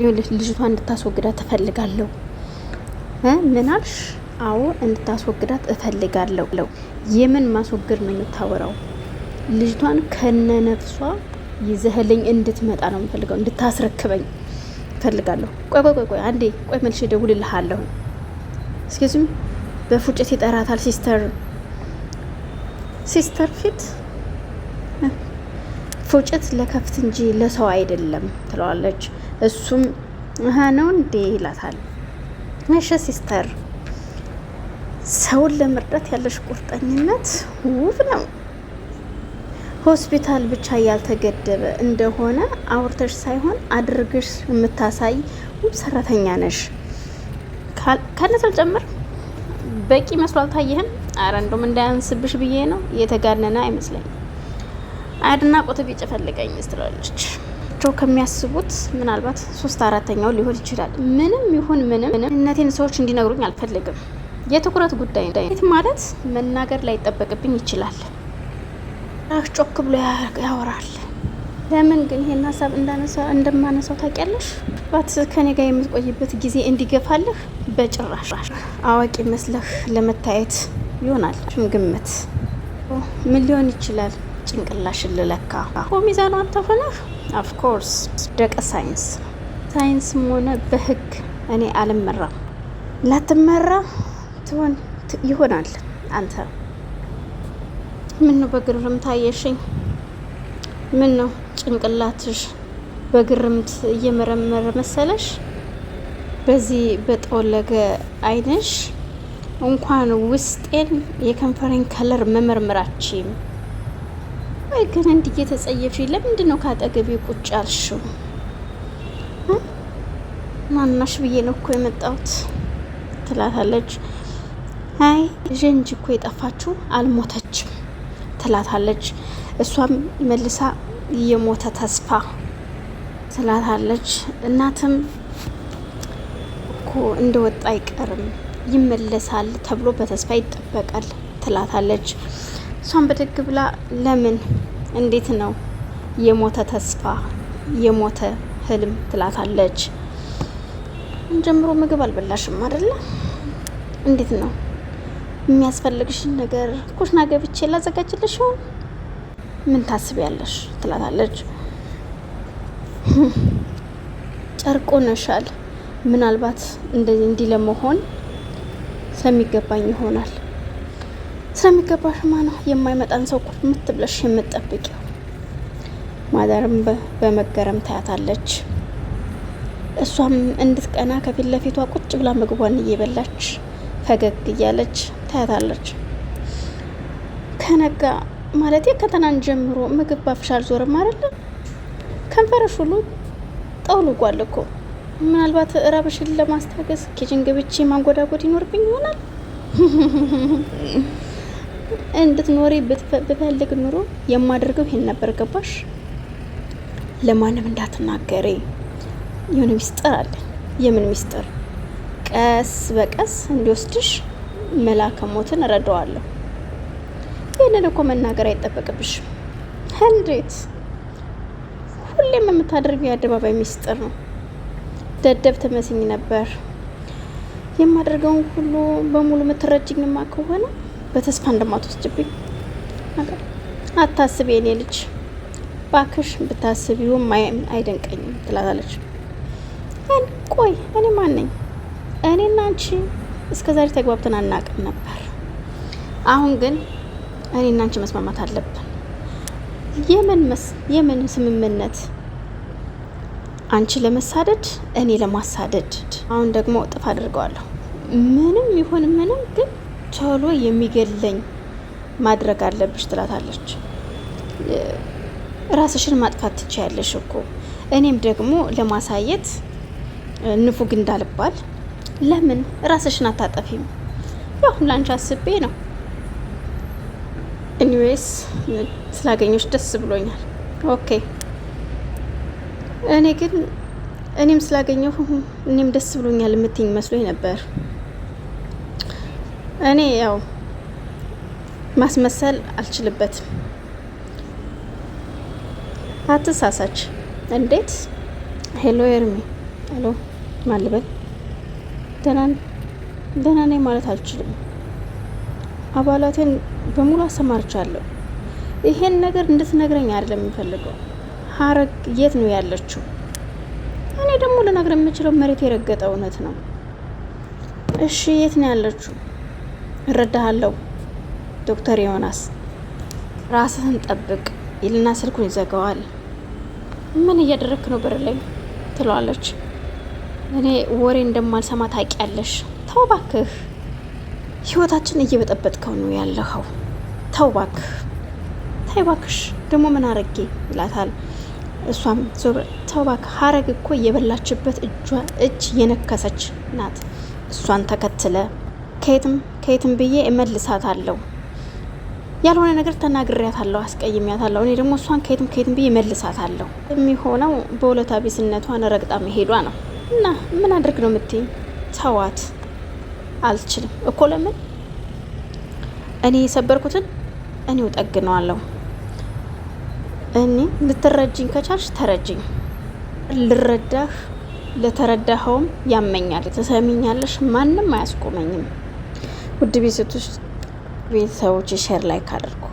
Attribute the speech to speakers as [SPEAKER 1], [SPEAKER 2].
[SPEAKER 1] ይኸውልሽ ልጅቷ እንድታስወግዳት እፈልጋለሁ። ምን አልሽ? አዎ እንድታስወግዳት እፈልጋለሁ። የምን ማስወገድ ነው የምታወራው? ልጅቷን ከነነፍሷ ይዘህልኝ እንድትመጣ ነው የምፈልገው። እንድታስረክበኝ እፈልጋለሁ። ቆይ ቆይ ቆይ አንዴ ቆይ፣ መልሼ እደውልልሃለሁ። እስኪዝም በፉጨት ይጠራታል። ሲስተር ሲስተር ፊት ፉጭት ለከፍት እንጂ ለሰው አይደለም ትለዋለች። እሱም እህ ነው እንዴ ይላታል። እሺ ሲስተር፣ ሰውን ለመርዳት ያለሽ ቁርጠኝነት ውብ ነው። ሆስፒታል ብቻ ያልተገደበ እንደሆነ አውርተሽ ሳይሆን አድርግሽ የምታሳይ ውብ ሰራተኛ ነሽ። ከነሰል ጨምር በቂ መስሎ አልታየህም? አረ እንደውም እንዳያንስብሽ ብዬ ነው። የተጋነነ አይመስለኝም። አድናቆት ቢጭ ፈልገኝ ስትላለች ቸው ከሚያስቡት ምናልባት ሶስት አራተኛው ሊሆን ይችላል። ምንም ይሁን ምንም እነቴን ሰዎች እንዲነግሩኝ አልፈልግም። የትኩረት ጉዳይ ት ማለት መናገር ላይ ይጠበቅብኝ ይችላል። ጮክ ብሎ ያወራል። ለምን ግን ይሄን ሀሳብ እንዳነሳ እንደማነሳው ታውቂያለሽ? ባት ከኔ ጋር የምትቆይበት ጊዜ እንዲገፋልህ በጭራሽ። አዋቂ መስለህ ለመታየት ይሆናል ግምት። ምን ሊሆን ይችላል ጭንቅላሽ ልለካ ሚዛኗ አንተ ኦፍኮርስ ደቀ ሳይንስ ሳይንስም ሆነ በህግ እኔ አልመራም። ላትመራ ትሆን ይሆናል። አንተ ምን ነው በግርም ታየሽኝ? ምን ነው ጭንቅላትሽ በግርምት እየመረመረ መሰለሽ? በዚህ በጠወለገ አይንሽ እንኳን ውስጤን የከንፈሬን ከለር መመርመራችም ቆይ ግን እንዲህ እየተጸየፍሽ ለምንድን ነው ካጠገቤ ቁጭ ያልሽው? ማናሽ ብዬ ነው እኮ የመጣሁት ትላታለች። አይ ልጄ እኮ የጠፋችው አልሞተችም ትላታለች። እሷም መልሳ የሞተ ተስፋ ትላታለች። እናትም እኮ እንደወጣ አይቀርም ይመለሳል ተብሎ በተስፋ ይጠበቃል ትላታለች። እሷን በደግ ብላ ለምን እንዴት ነው የሞተ ተስፋ የሞተ ህልም ትላታለች። ጀምሮ ምግብ አልበላሽም አይደለ? እንዴት ነው የሚያስፈልግሽን ነገር ኩሽና ገብቼ ላዘጋጅልሽ ይሆን? ምን ታስቢያለሽ? ትላታለች። ነሻል። ምናልባት እንዲህ ለመሆን ስለሚገባኝ ይሆናል ስለሚገባሽ ማ የማይመጣን ሰው እኮ የምትብለሽ የምትጠብቂው። ማዘርም በመገረም ታያታለች። እሷም እንድትቀና ከፊት ለፊቷ ቁጭ ብላ ምግቧን እየበላች ፈገግ እያለች ታያታለች። ከነጋ ማለት ከተናን ጀምሮ ምግብ ባፍሽ አልዞርም አይደለም። ከንፈርሽ ሁሉ ጠውልጓል እኮ። ምናልባት ረብሽን ለማስታገስ ኪችን ገብቼ ማንጎዳጎድ ይኖርብኝ ይሆናል። እንድትኖሪ ብፈልግ ኑሮ የማደርገው ይሄን ነበር። ገባሽ? ለማንም እንዳትናገሪ። የሆነ ሚስጥር አለ። የምን ሚስጥር? ቀስ በቀስ እንዲወስድሽ መላከ ሞትን እረዳዋለሁ። ይህንን እኮ መናገር አይጠበቅብሽም። እንዴት? ሁሌም የምታደርገው የአደባባይ ሚስጥር ነው። ደደብ ትመስኝ ነበር። የማደርገውን ሁሉ በሙሉ የምትረጅኝማ ከሆነ በተስፋ እንደማትወስጅብኝ አታስቢ የኔ ልጅ ባክሽ ብታስቢውም አይደንቀኝም ትላታለች። ቆይ እኔ ማን ነኝ? እኔና አንቺ እስከ ዛሬ ተግባብተን አናቅም ነበር። አሁን ግን እኔና አንቺ መስማማት አለብን። የምን የምን ስምምነት? አንቺ ለመሳደድ፣ እኔ ለማሳደድ። አሁን ደግሞ እጥፍ አድርገዋለሁ። ምንም ይሁን ምንም ግን ቶሎ የሚገለኝ ማድረግ አለብሽ ትላታለች። ራስሽን ማጥፋት ትችያለሽ እኮ እኔም ደግሞ ለማሳየት ንፉግ እንዳልባል ለምን ራስሽን አታጠፊም? ያው ላንቺ አስቤ ነው። ኢኒዌይስ ስላገኘች ደስ ብሎኛል። ኦኬ እኔ ግን እኔም ስላገኘሁ እኔም ደስ ብሎኛል የምትኝ መስሎኝ ነበር። እኔ ያው ማስመሰል አልችልበትም። አትሳሳች። እንዴት ሄሎ፣ ኤርሚ ሄሎ፣ ማልበል ደህና ነኝ ማለት አልችልም። አባላቴን በሙሉ አሰማርቻለሁ። ይሄን ነገር እንድትነግረኝ አይደለም የምፈልገው። ሀረግ የት ነው ያለችው? እኔ ደግሞ ልነግር የምችለው መሬት የረገጠ እውነት ነው። እሺ፣ የት ነው ያለችው? እረዳሃለሁ ዶክተር ዮናስ ራስህን ጠብቅ ይልና ስልኩን ይዘጋዋል። ምን እያደረግክ ነው በር ላይ ትለዋለች። እኔ ወሬ እንደማልሰማ ታውቂያለሽ። ተው ተውባክህ ህይወታችን እየበጠበጥከው ነው ያለኸው። ተው ባክህ፣ ተይ ደግሞ ምን አረጌ ይላታል። እሷም ዞር ተው ሀረግ እኮ የበላችበት እጇ እጅ የነከሰች ናት። እሷን ተከትለ ከየትም ከየትም ብዬ እመልሳታለሁ። ያልሆነ ነገር ተናግሬያታለሁ፣ አስቀይሜያታለሁ። እኔ ደግሞ እሷን ከየትም ከየትም ብዬ እመልሳታለሁ። የሚሆነው በሁለታ ቢስነቷን ረግጣ መሄዷ ነው። እና ምን አድርግ ነው የምትይኝ? ተዋት። አልችልም እኮ ለምን? እኔ የሰበርኩትን እኔው ጠግነዋለሁ። እኔ ልትረጅኝ ከቻልሽ ተረጅኝ። ልረዳህ ለተረዳኸውም ያመኛል። ተሰሚኛለሽ? ማንም አያስቆመኝም። ውድ ቤተሰቦች ቤተሰቦች ሼር ላይክ አድርጉ።